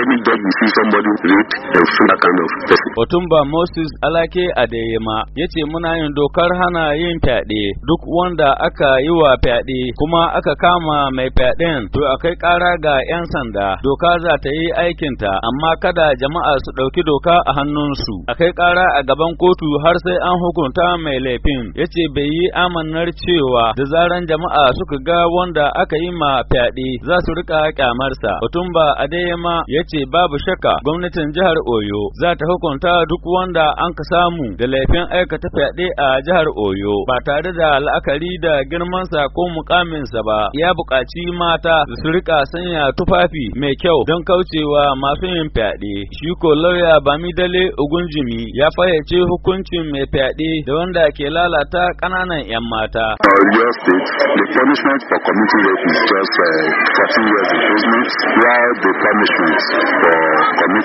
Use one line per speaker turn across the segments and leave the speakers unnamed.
any dog you see somebody rape and feel that kind of person. Otumba Moses Alake Adeyema ya ce muna yin dokar hana yin fyaɗe duk wanda aka yi wa fyaɗe kuma aka kama mai fyaɗen to akai ƙara ga 'yan sanda doka za ta yi aikinta amma kada jama'a su ɗauki doka a hannun hannunsu akai ƙara a gaban kotu har sai an hukunta mai laifin ya ce bai yi amanar cewa da zaran jama'a suka ga wanda aka yi ma fyaɗe za su rika kyamarsa. Otumba Adeyema ya ce babu shakka gwamnatin jihar Oyo za ta hukunta duk wanda an ka samu da laifin aikata fyaɗe a jihar Oyo ba tare da la'akari da girmansa ko mukaminsa ba ya buƙaci mata su rika sanya tufafi mai kyau don kaucewa masu yin fyaɗe shi ko lauya Bamidale Ogunjimi ya fayyace hukuncin mai fyaɗe da wanda ke lalata ƙananan 'yan mata. the punishment for committing rape is just uh, 14 years imprisonment, while the punishment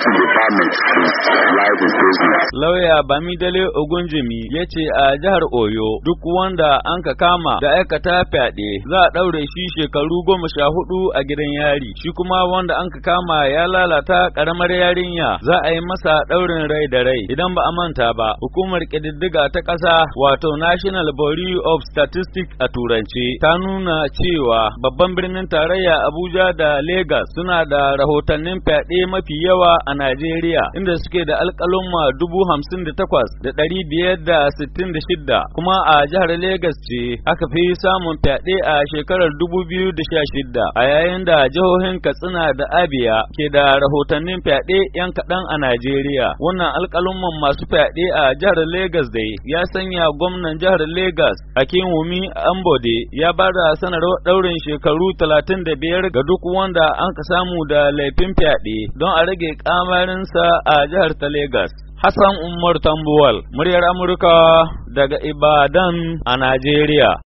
accounting department life in business. Lauya Bamidele Ogunjimi ya ce a jihar Oyo duk wanda an ka kama da aikata fyaɗe za a ɗaure shi shekaru goma sha hudu a gidan yari shi kuma wanda an ka kama ya lalata ƙaramar yarinya za a yi masa ɗaurin rai da rai idan ba a manta ba hukumar ƙididdiga ta ƙasa wato National Bureau of Statistics a turance ta nuna cewa babban birnin tarayya Abuja da Lagos suna da rahotannin fyaɗe mafi yawa a Najeriya inda suke da alƙalumma dubu hamsin da takwas da ɗari biyar da sittin da shidda kuma a jihar Legas ce aka fi samun fyaɗe a shekarar dubu biyu da sha shidda a yayin da jihohin Katsina da Abia ke da rahotannin fyaɗe ‘yan kaɗan a Najeriya. Wannan alƙalumman masu fyaɗe a jihar Legas dai ya sanya gwamnan jihar Legas Akinwumi Ambode ya ba da sanarwar ɗaurin shekaru talatin da biyar ga duk wanda an ka samu da laifin fyaɗe don a rage ka al'amarinsa a jihar ta Legas. Hassan Umar Tambuwal, muryar Amurka daga Ibadan a Najeriya.